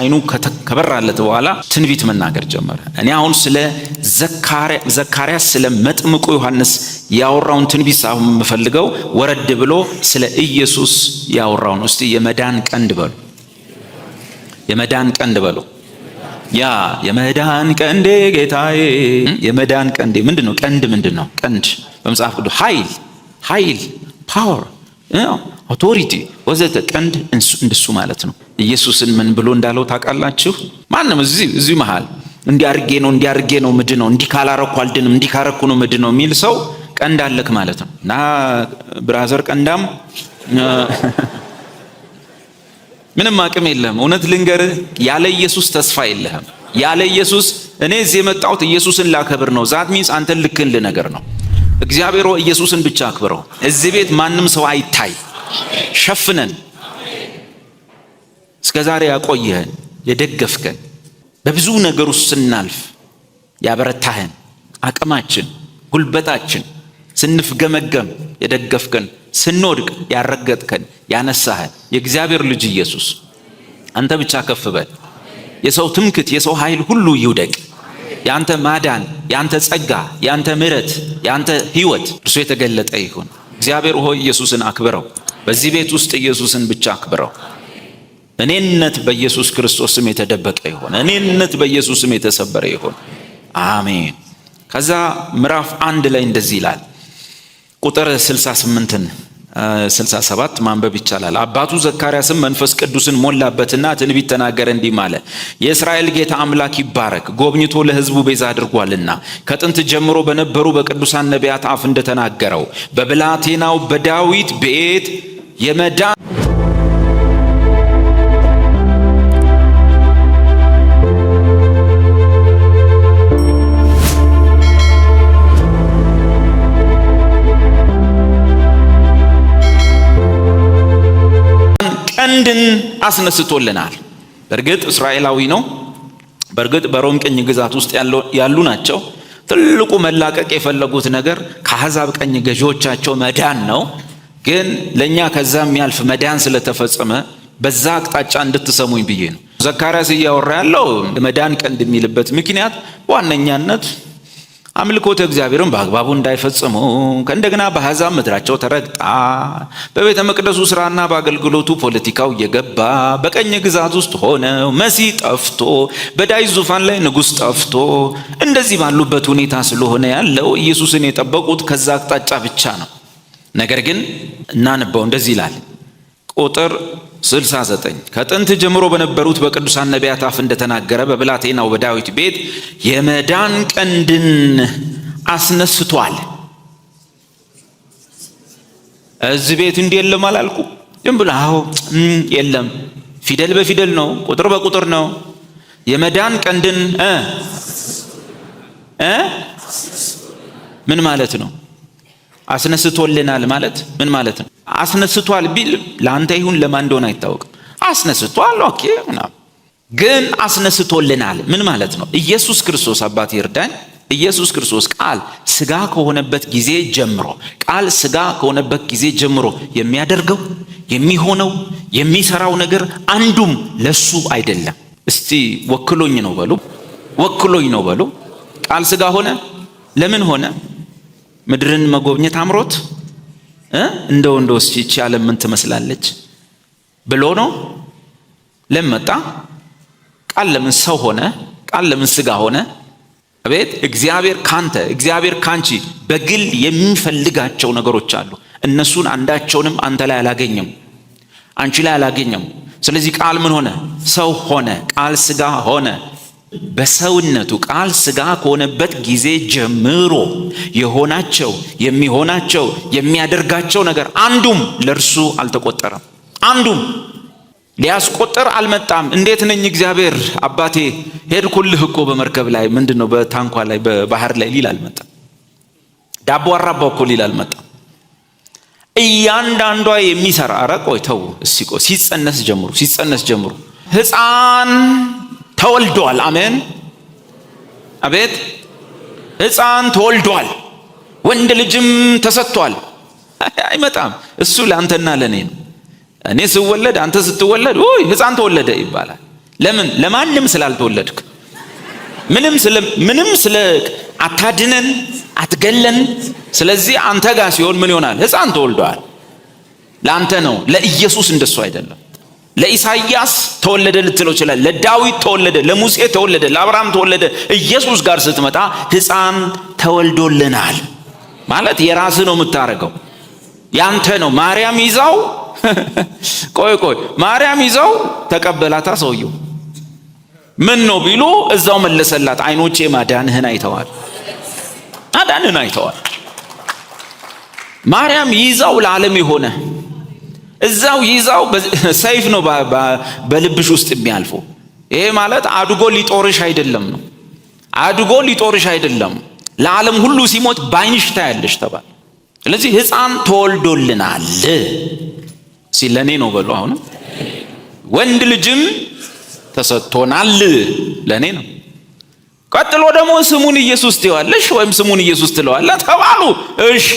አይኑ ከበራለት በኋላ ትንቢት መናገር ጀመረ። እኔ አሁን ስለ ዘካርያስ ስለ መጥምቁ ዮሐንስ ያወራውን ትንቢት ሳይሆን የምፈልገው ወረድ ብሎ ስለ ኢየሱስ ያወራውን። እስቲ የመዳን ቀንድ በሉ፣ የመዳን ቀንድ በሉ። ያ የመዳን ቀንዴ ጌታዬ፣ የመዳን ቀንዴ ምንድን ነው? ቀንድ ምንድን ነው? ቀንድ በመጽሐፍ ቅዱስ ኃይል፣ ኃይል ፓወር አውቶሪቲ ወዘተ ቀንድ እንደሱ ማለት ነው። ኢየሱስን ምን ብሎ እንዳለው ታውቃላችሁ? ማንም እዚህ እዚህ መሃል እንዲያርጌ ነው እንዲያርጌ ነው ምድ ነው እንዲህ ካላረኩ አልድንም እንዲህ ካረኩ ነው ምድ ነው የሚል ሰው ቀንድ አለክ ማለት ነው። እና ብራዘር ቀንዳም ምንም አቅም የለህም። እውነት ልንገርህ፣ ያለ ኢየሱስ ተስፋ የለህም። ያለ ኢየሱስ እኔ እዚህ የመጣሁት ኢየሱስን ላከብር ነው። ዛት ሚንስ አንተን ልክን ልነገር ነው እግዚአብሔር ኢየሱስን ብቻ አክብረው። እዚህ ቤት ማንም ሰው አይታይ፣ ሸፍነን እስከ ዛሬ ያቆየህን፣ የደገፍከን፣ በብዙ ነገር ውስጥ ስናልፍ ያበረታህን፣ አቅማችን፣ ጉልበታችን ስንፍገመገም የደገፍከን፣ ስንወድቅ ያረገጥከን፣ ያነሳህን የእግዚአብሔር ልጅ ኢየሱስ አንተ ብቻ ከፍ በል። የሰው ትምክት፣ የሰው ኃይል ሁሉ ይውደቅ። ያንተ ማዳን፣ ያንተ ጸጋ፣ ያንተ ምረት ያንተ ህይወት እርሱ የተገለጠ ይሁን። እግዚአብሔር ሆይ ኢየሱስን አክብረው። በዚህ ቤት ውስጥ ኢየሱስን ብቻ አክብረው። እኔነት በኢየሱስ ክርስቶስ ስም የተደበቀ ይሆን። እኔነት በኢየሱስ ስም የተሰበረ ይሆን። አሜን። ከዛ ምዕራፍ አንድ ላይ እንደዚህ ይላል ቁጥር 68ን 67 ማንበብ ይቻላል። አባቱ ዘካርያስም መንፈስ ቅዱስን ሞላበትና ትንቢት ተናገረ እንዲህ አለ። የእስራኤል ጌታ አምላክ ይባረክ፣ ጎብኝቶ ለሕዝቡ ቤዛ አድርጓልና ከጥንት ጀምሮ በነበሩ በቅዱሳን ነቢያት አፍ እንደተናገረው በብላቴናው በዳዊት ቤት የመዳን ቀንድን አስነስቶልናል። በእርግጥ እስራኤላዊ ነው። በእርግጥ በሮም ቅኝ ግዛት ውስጥ ያሉ ናቸው። ትልቁ መላቀቅ የፈለጉት ነገር ከአሕዛብ ቀኝ ገዢዎቻቸው መዳን ነው። ግን ለእኛ ከዛ የሚያልፍ መዳን ስለተፈጸመ በዛ አቅጣጫ እንድትሰሙኝ ብዬ ነው። ዘካርያስ እያወራ ያለው መዳን ቀንድ የሚልበት ምክንያት ዋነኛነት አምልኮተ እግዚአብሔርን በአግባቡ እንዳይፈጽሙ ከእንደገና በአሕዛብ ምድራቸው ተረግጣ በቤተ መቅደሱ ስራና በአገልግሎቱ ፖለቲካው እየገባ በቀኝ ግዛት ውስጥ ሆነው መሲህ ጠፍቶ በዳይ ዙፋን ላይ ንጉሥ ጠፍቶ እንደዚህ ባሉበት ሁኔታ ስለሆነ ያለው ኢየሱስን የጠበቁት ከዛ አቅጣጫ ብቻ ነው። ነገር ግን እናንበው፣ እንደዚህ ይላል ቁጥር 69 ከጥንት ጀምሮ በነበሩት በቅዱሳን ነቢያት አፍ እንደተናገረ በብላቴናው በዳዊት ቤት የመዳን ቀንድን አስነስቷል። እዚህ ቤት እንዲህ የለም አላልኩ። ዝም ብሎ አዎ የለም፣ ፊደል በፊደል ነው፣ ቁጥር በቁጥር ነው። የመዳን ቀንድን ምን ማለት ነው? አስነስቶልናል ማለት ምን ማለት ነው? አስነስቷል ቢል ለአንተ ይሁን ለማን እንደሆነ አይታወቅም። አስነስቷል ኦኬ፣ ግን አስነስቶልናል ምን ማለት ነው? ኢየሱስ ክርስቶስ አባት ይርዳኝ። ኢየሱስ ክርስቶስ ቃል ስጋ ከሆነበት ጊዜ ጀምሮ ቃል ስጋ ከሆነበት ጊዜ ጀምሮ የሚያደርገው የሚሆነው የሚሰራው ነገር አንዱም ለሱ አይደለም። እስቲ ወክሎኝ ነው በሉ፣ ወክሎኝ ነው በሉ። ቃል ስጋ ሆነ። ለምን ሆነ? ምድርን መጎብኘት አምሮት እንደው እንደው እስኪ ይቺ ዓለም ምን ትመስላለች ብሎ ነው። ለምን መጣ? ቃል ለምን ሰው ሆነ? ቃል ለምን ስጋ ሆነ? አቤት እግዚአብሔር ካንተ እግዚአብሔር ካንቺ በግል የሚፈልጋቸው ነገሮች አሉ። እነሱን አንዳቸውንም አንተ ላይ አላገኘም፣ አንቺ ላይ አላገኘም። ስለዚህ ቃል ምን ሆነ? ሰው ሆነ። ቃል ስጋ ሆነ። በሰውነቱ ቃል ስጋ ከሆነበት ጊዜ ጀምሮ የሆናቸው የሚሆናቸው የሚያደርጋቸው ነገር አንዱም ለእርሱ አልተቆጠረም። አንዱም ሊያስቆጥር አልመጣም። እንዴት ነኝ እግዚአብሔር አባቴ ሄድኩልህ እኮ በመርከብ ላይ ምንድን ነው በታንኳ ላይ በባህር ላይ ሊል አልመጣም። ዳቦ አራባው እኮ ሊል አልመጣም። እያንዳንዷ የሚሰራ ኧረ ተው ሲጸነስ ጀምሩ ሲጸነስ ጀምሩ ህፃን ተወልዷል። አሜን። አቤት ሕፃን ተወልዷል፣ ወንድ ልጅም ተሰጥቷል። አይመጣም። እሱ ለአንተና ለእኔ ነው። እኔ ስወለድ፣ አንተ ስትወለድ ውይ ሕፃን ተወለደ ይባላል። ለምን? ለማንም ስላልተወለድክ ምንም ስለ አታድነን አትገለን። ስለዚህ አንተ ጋር ሲሆን ምን ይሆናል? ሕፃን ተወልዷል? ለአንተ ነው። ለኢየሱስ እንደሱ አይደለም። ለኢሳይያስ ተወለደ ልትለው ይችላል። ለዳዊት ተወለደ፣ ለሙሴ ተወለደ፣ ለአብርሃም ተወለደ። ኢየሱስ ጋር ስትመጣ ሕፃን ተወልዶልናል ማለት የራስ ነው የምታደርገው፣ ያንተ ነው። ማርያም ይዛው ቆይ ቆይ ማርያም ይዛው ተቀበላታ። ሰውየው ምን ነው ቢሉ እዛው መለሰላት፣ አይኖቼ ማዳንህን አይተዋል፣ ማዳንህን አይተዋል። ማርያም ይዛው ለዓለም የሆነ እዛው ይዛው ሰይፍ ነው በልብሽ ውስጥ የሚያልፈው። ይሄ ማለት አድጎ ሊጦርሽ አይደለም ነው፣ አድጎ ሊጦርሽ አይደለም። ለዓለም ሁሉ ሲሞት ባይንሽ ታያለሽ ተባለ። ስለዚህ ሕፃን ተወልዶልናል ሲል ለእኔ ነው በሉ። አሁን ወንድ ልጅም ተሰጥቶናል ለእኔ ነው። ቀጥሎ ደግሞ ስሙን ኢየሱስ ትይዋለሽ ወይም ስሙን ኢየሱስ ትለዋለ ተባሉ። እሺ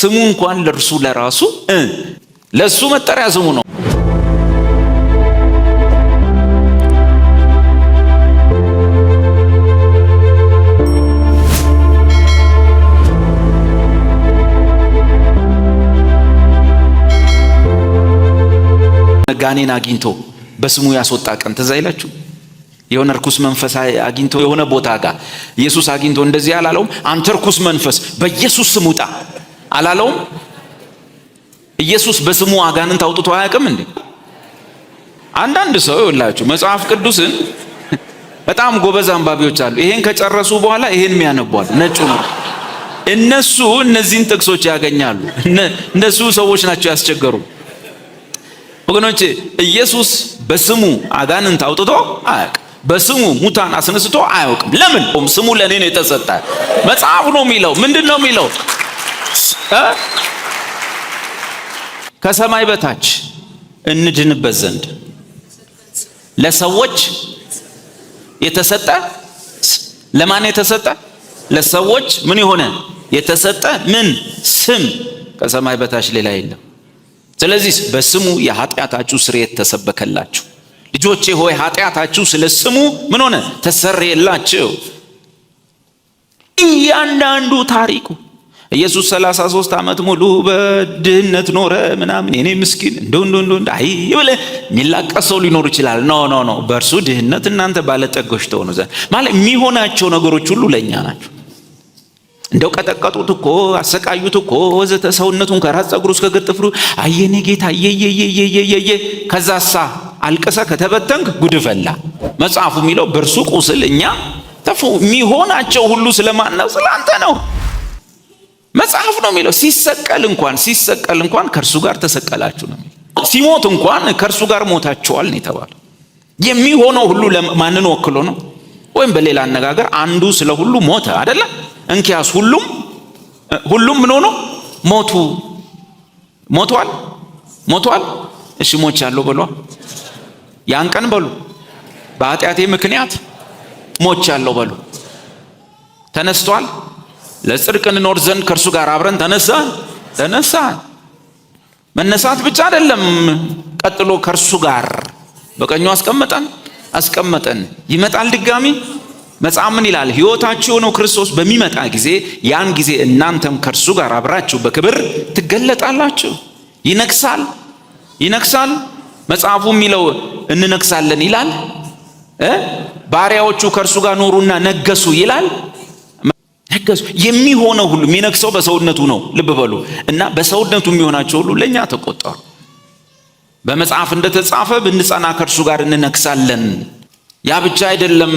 ስሙ እንኳን ለእርሱ ለራሱ ለእሱ መጠሪያ ስሙ ነው። ጋኔን አግኝቶ በስሙ ያስወጣ ቀን ትዝ አይላችሁ? የሆነ እርኩስ መንፈስ አግኝቶ የሆነ ቦታ ጋር ኢየሱስ አግኝቶ እንደዚህ አላለውም? አንተ እርኩስ መንፈስ በኢየሱስ ስም ውጣ አላለውም? ኢየሱስ በስሙ አጋንንት አውጥቶ አያውቅም እንዴ? አንዳንድ ሰው ይላችሁ መጽሐፍ ቅዱስን በጣም ጎበዝ አንባቢዎች አሉ። ይሄን ከጨረሱ በኋላ ይሄን የሚያነቧል ነጩ ነው። እነሱ እነዚህን ጥቅሶች ያገኛሉ። እነሱ ሰዎች ናቸው ያስቸገሩ። ወገኖቼ ኢየሱስ በስሙ አጋንንት አውጥቶ አያውቅም። በስሙ ሙታን አስነስቶ አያውቅም። ለምን? ስሙ ለእኔ ነው የተሰጠ። መጽሐፍ ነው የሚለው ምንድን ነው የሚለው ከሰማይ በታች እንድንበት ዘንድ ለሰዎች የተሰጠ ለማን የተሰጠ ለሰዎች ምን የሆነ የተሰጠ ምን ስም ከሰማይ በታች ሌላ የለም። ስለዚህ በስሙ የኃጢአታችሁ ስርየት ተሰበከላችሁ። ልጆቼ ሆይ ኃጢአታችሁ ስለ ስሙ ምን ሆነ ተሰረየላችሁ። እያንዳንዱ ታሪኩ ኢየሱስ 33 ዓመት ሙሉ በድህነት ኖረ ምናምን እኔ ምስኪን እንደው እንደው እንደው አይ ይብለ የሚላቀስ ሰው ሊኖር ይችላል። ኖ ኖ ኖ በእርሱ ድህነት እናንተ ባለጠጎች ተሆኑ ዘንድ ማለት የሚሆናቸው ነገሮች ሁሉ ለእኛ ናቸው። እንደው ቀጠቀጡት እኮ አሰቃዩት እኮ ወዘተ ሰውነቱን ከራስ ጸጉሩ እስከ እግር ጥፍሩ አየኔ ጌታ የየየየየየ ከዛሳ አልቅሰ ከተበተንክ ጉድፈላ መጽሐፉ የሚለው በእርሱ ቁስል እኛ ተፉ የሚሆናቸው ሁሉ ስለማን ነው? ነው። መጽሐፍ ነው የሚለው። ሲሰቀል እንኳን ሲሰቀል እንኳን ከእርሱ ጋር ተሰቀላችሁ ነው የሚለው። ሲሞት እንኳን ከእርሱ ጋር ሞታችኋል ነው የተባለው። የሚሆነው ሁሉ ማንን ወክሎ ነው? ወይም በሌላ አነጋገር አንዱ ስለ ሁሉ ሞተ አደለ? እንኪያስ ሁሉም ሁሉም ምን ሆኖ ሞቱ። ሞቷል ሞቷል። እሺ ሞች ያለው በሏ ያን ቀን በሉ በኃጢአቴ ምክንያት ሞች ያለው በሉ ተነስቷል ለጽድቅ እንኖር ዘንድ ከእርሱ ጋር አብረን ተነሳ ተነሳ። መነሳት ብቻ አይደለም፣ ቀጥሎ ከእርሱ ጋር በቀኙ አስቀመጠን አስቀመጠን። ይመጣል ድጋሚ መጽሐፍ ምን ይላል? ሕይወታችሁ የሆነው ክርስቶስ በሚመጣ ጊዜ ያን ጊዜ እናንተም ከእርሱ ጋር አብራችሁ በክብር ትገለጣላችሁ። ይነግሳል ይነግሳል። መጽሐፉ የሚለው እንነግሳለን ይላል። ባሪያዎቹ ከእርሱ ጋር ኖሩና ነገሱ ይላል። ነገሱ የሚሆነው ሁሉ የሚነግሰው በሰውነቱ ነው። ልብ በሉ እና በሰውነቱ የሚሆናቸው ሁሉ ለእኛ ተቆጠሩ። በመጽሐፍ እንደተጻፈ ብንጸና ከእርሱ ጋር እንነግሳለን። ያ ብቻ አይደለም።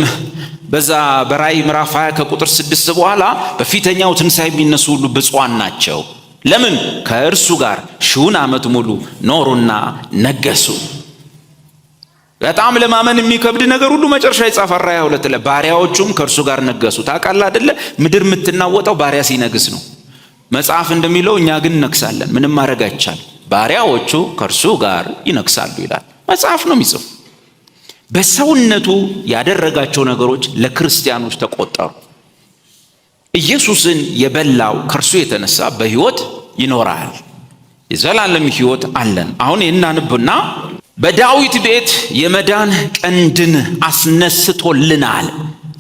በዛ በራእይ ምዕራፍ 20 ከቁጥር ስድስት በኋላ በፊተኛው ትንሣኤ የሚነሱ ሁሉ ብፁዓን ናቸው። ለምን? ከእርሱ ጋር ሺውን ዓመት ሙሉ ኖሩና ነገሱ። በጣም ለማመን የሚከብድ ነገር ሁሉ መጨረሻ ይጻፋራ ሃያ ሁለት ባሪያዎቹም ከእርሱ ጋር ነገሱ። ታውቃለህ አይደለ? ምድር የምትናወጠው ባሪያ ሲነግስ ነው። መጽሐፍ እንደሚለው እኛ ግን እነግሳለን፣ ምንም ማድረግ አይቻልም። ባሪያዎቹ ከእርሱ ጋር ይነግሳሉ ይላል መጽሐፍ ነው የሚጽፉ። በሰውነቱ ያደረጋቸው ነገሮች ለክርስቲያኖች ተቆጠሩ። ኢየሱስን የበላው ከእርሱ የተነሳ በሕይወት ይኖራል፣ የዘላለም ሕይወት አለን። አሁን ይህን አንብና በዳዊት ቤት የመዳን ቀንድን አስነስቶልናል።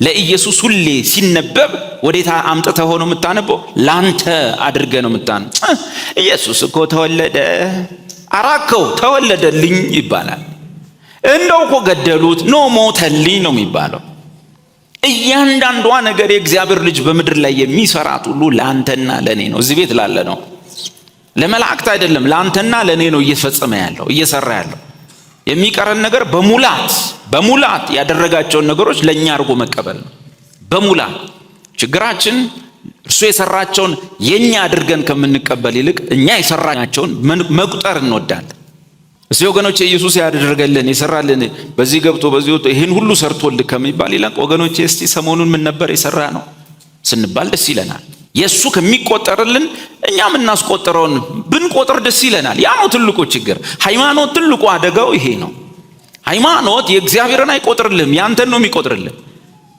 ለኢየሱስ ሁሌ ሲነበብ ወዴታ አምጥተ ሆኖ የምታነበው ላንተ አድርገ ነው የምታነበው። ኢየሱስ እኮ ተወለደ አራከው ተወለደልኝ ይባላል። እንደው እኮ ገደሉት ኖ ሞተልኝ ነው የሚባለው። እያንዳንዷ ነገር የእግዚአብሔር ልጅ በምድር ላይ የሚሰራት ሁሉ ለአንተና ለእኔ ነው። እዚህ ቤት ላለ ነው፣ ለመላእክት አይደለም። ለአንተና ለእኔ ነው እየፈጸመ ያለው እየሰራ ያለው የሚቀረን ነገር በሙላት በሙላት ያደረጋቸውን ነገሮች ለእኛ አድርጎ መቀበል ነው። በሙላት ችግራችን እርሱ የሰራቸውን የእኛ አድርገን ከምንቀበል ይልቅ እኛ የሰራቸውን መቁጠር እንወዳለን። እስቲ ወገኖቼ ኢየሱስ ያደረገልን የሰራልን በዚህ ገብቶ በዚህ ወጥቶ ይህን ሁሉ ሰርቶልህ ከሚባል ይልቅ ወገኖቼ እስቲ ሰሞኑን ምን ነበር የሰራ ነው ስንባል ደስ ይለናል። የእሱ ከሚቆጠርልን እኛ የምናስቆጠረውን ስንቆጥር ደስ ይለናል። ያ ነው ትልቁ ችግር። ሃይማኖት ትልቁ አደጋው ይሄ ነው። ሃይማኖት የእግዚአብሔርን አይቆጥርልም፣ ያንተን ነው የሚቆጥርልም።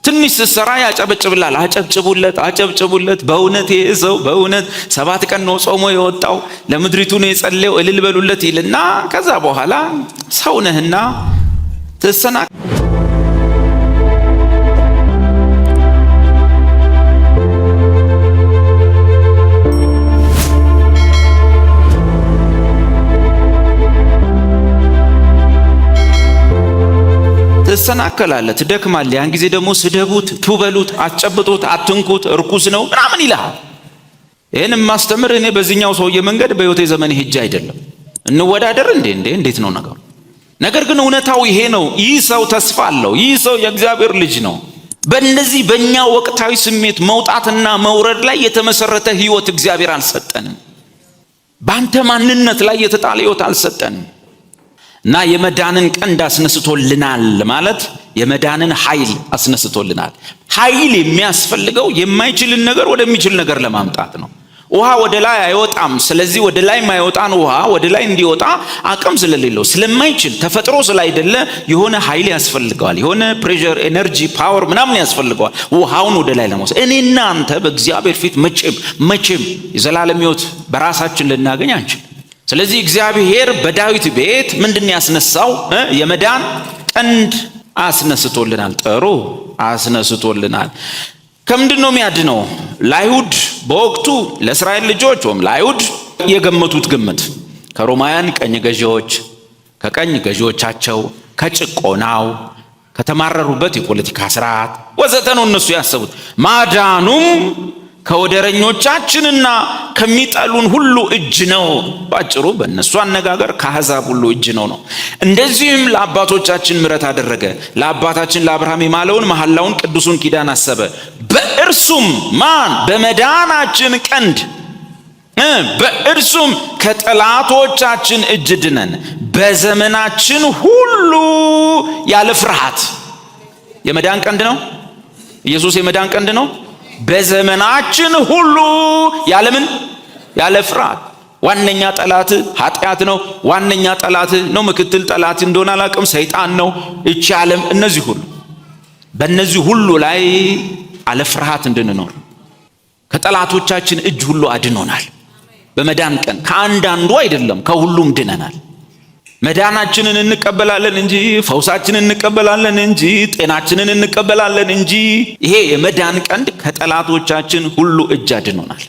ትንሽ ስትሰራ ያጨበጭብላል። አጨብጭቡለት፣ አጨብጭቡለት። በእውነት ይሄ ሰው በእውነት ሰባት ቀን ነው ጾሞ የወጣው ለምድሪቱ ነው የጸለየው፣ እልል በሉለት ይልና ከዛ በኋላ ነህና ትሰናከል ትሰናከላለህ፣ ትደክማለህ። ያን ጊዜ ደግሞ ስደቡት፣ ቱበሉት፣ አትጨብጡት፣ አትንኩት፣ እርኩስ ነው ምናምን ይልሃል። ይህን የማስተምር እኔ በዚህኛው ሰውዬ መንገድ በህይወቴ ዘመን ሄጄ አይደለም። እንወዳደር እንዴ እንዴ እንዴት ነው ነገሩ? ነገር ግን እውነታው ይሄ ነው። ይህ ሰው ተስፋ አለው። ይህ ሰው የእግዚአብሔር ልጅ ነው። በእነዚህ በእኛ ወቅታዊ ስሜት መውጣትና መውረድ ላይ የተመሰረተ ህይወት እግዚአብሔር አልሰጠንም። በአንተ ማንነት ላይ የተጣለ ህይወት አልሰጠንም። እና የመዳንን ቀንድ አስነስቶልናል ማለት የመዳንን ኃይል አስነስቶልናል። ኃይል የሚያስፈልገው የማይችልን ነገር ወደሚችል ነገር ለማምጣት ነው። ውሃ ወደ ላይ አይወጣም። ስለዚህ ወደ ላይ የማይወጣን ውሃ ወደ ላይ እንዲወጣ አቅም ስለሌለው ስለማይችል ተፈጥሮ ስላይደለ የሆነ ኃይል ያስፈልገዋል። የሆነ ፕሬር፣ ኤነርጂ፣ ፓወር ምናምን ያስፈልገዋል ውሃውን ወደ ላይ ለመውሰድ። እኔና አንተ በእግዚአብሔር ፊት መቼም መቼም የዘላለም ሕይወት በራሳችን ልናገኝ አንችል ስለዚህ እግዚአብሔር በዳዊት ቤት ምንድን ያስነሳው የመዳን ቀንድ አስነስቶልናል፣ ጥሩ አስነስቶልናል። ከምንድን ነው የሚያድነው? ለአይሁድ በወቅቱ ለእስራኤል ልጆች ወይም ለአይሁድ የገመቱት ግምት ከሮማውያን ቀኝ ገዢዎች ከቀኝ ገዢዎቻቸው ከጭቆናው ከተማረሩበት የፖለቲካ ስርዓት ወዘተ ነው እነሱ ያሰቡት ማዳኑም ከወደረኞቻችንና ከሚጠሉን ሁሉ እጅ ነው። ባጭሩ በእነሱ አነጋገር ከአሕዛብ ሁሉ እጅ ነው ነው። እንደዚህም ለአባቶቻችን ምረት አደረገ። ለአባታችን ለአብርሃም የማለውን መሐላውን ቅዱሱን ኪዳን አሰበ። በእርሱም ማን በመዳናችን ቀንድ በእርሱም ከጠላቶቻችን እጅ ድነን በዘመናችን ሁሉ ያለ ፍርሃት የመዳን ቀንድ ነው። ኢየሱስ የመዳን ቀንድ ነው። በዘመናችን ሁሉ ያለምን ያለ ፍርሃት ዋነኛ ጠላት ኃጢአት ነው። ዋነኛ ጠላት ነው። ምክትል ጠላት እንደሆነ አላቅም። ሰይጣን ነው። እቺ ዓለም፣ እነዚህ ሁሉ በእነዚህ ሁሉ ላይ አለ ፍርሃት እንድንኖር ከጠላቶቻችን እጅ ሁሉ አድኖናል። በመዳን ቀን ከአንዳንዱ አይደለም ከሁሉም ድነናል። መዳናችንን እንቀበላለን እንጂ ፈውሳችንን እንቀበላለን እንጂ ጤናችንን እንቀበላለን እንጂ። ይሄ የመዳን ቀንድ ከጠላቶቻችን ሁሉ እጅ አድኖናል።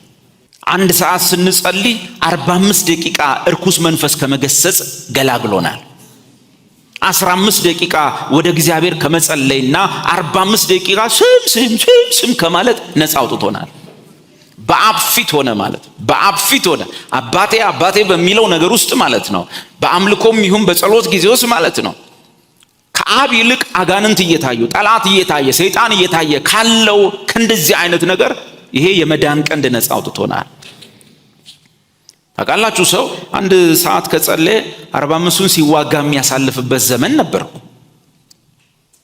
አንድ ሰዓት ስንጸልይ አርባ አምስት ደቂቃ እርኩስ መንፈስ ከመገሰጽ ገላግሎናል። አስራ አምስት ደቂቃ ወደ እግዚአብሔር ከመጸለይና አርባ አምስት ደቂቃ ስም ስም ስም ስም ከማለት ነፃ አውጥቶናል። በአብ ፊት ሆነ ማለት ነው። በአብ ፊት ሆነ አባቴ አባቴ በሚለው ነገር ውስጥ ማለት ነው። በአምልኮም ይሁን በጸሎት ጊዜ ውስጥ ማለት ነው። ከአብ ይልቅ አጋንንት እየታዩ ጠላት እየታየ ሰይጣን እየታየ ካለው ከእንደዚህ አይነት ነገር ይሄ የመዳን ቀንድ ነፃ አውጥቶናል። ታውቃላችሁ ሰው አንድ ሰዓት ከጸለየ አርባ አምስቱን ሲዋጋ የሚያሳልፍበት ዘመን ነበርኩ።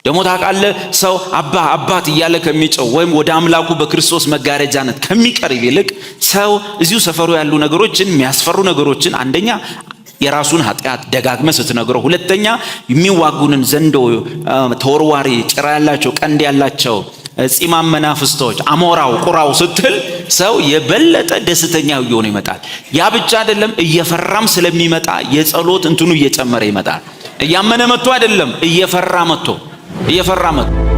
ደሞ ታውቃለህ ሰው አባ አባት እያለ ከሚጮው ወይም ወደ አምላኩ በክርስቶስ መጋረጃነት ከሚቀርብ ይልቅ ሰው እዚሁ ሰፈሩ ያሉ ነገሮችን የሚያስፈሩ ነገሮችን አንደኛ የራሱን ኃጢአት ደጋግመ ስትነግረው፣ ሁለተኛ የሚዋጉንን ዘንዶ፣ ተወርዋሪ ጭራ ያላቸው ቀንድ ያላቸው ጺማም መናፍስቶች፣ አሞራው፣ ቁራው ስትል ሰው የበለጠ ደስተኛ እየሆነ ይመጣል። ያ ብቻ አይደለም፣ እየፈራም ስለሚመጣ የጸሎት እንትኑ እየጨመረ ይመጣል። እያመነ መጥቶ አይደለም፣ እየፈራ መጥቶ እየፈራ መጡ።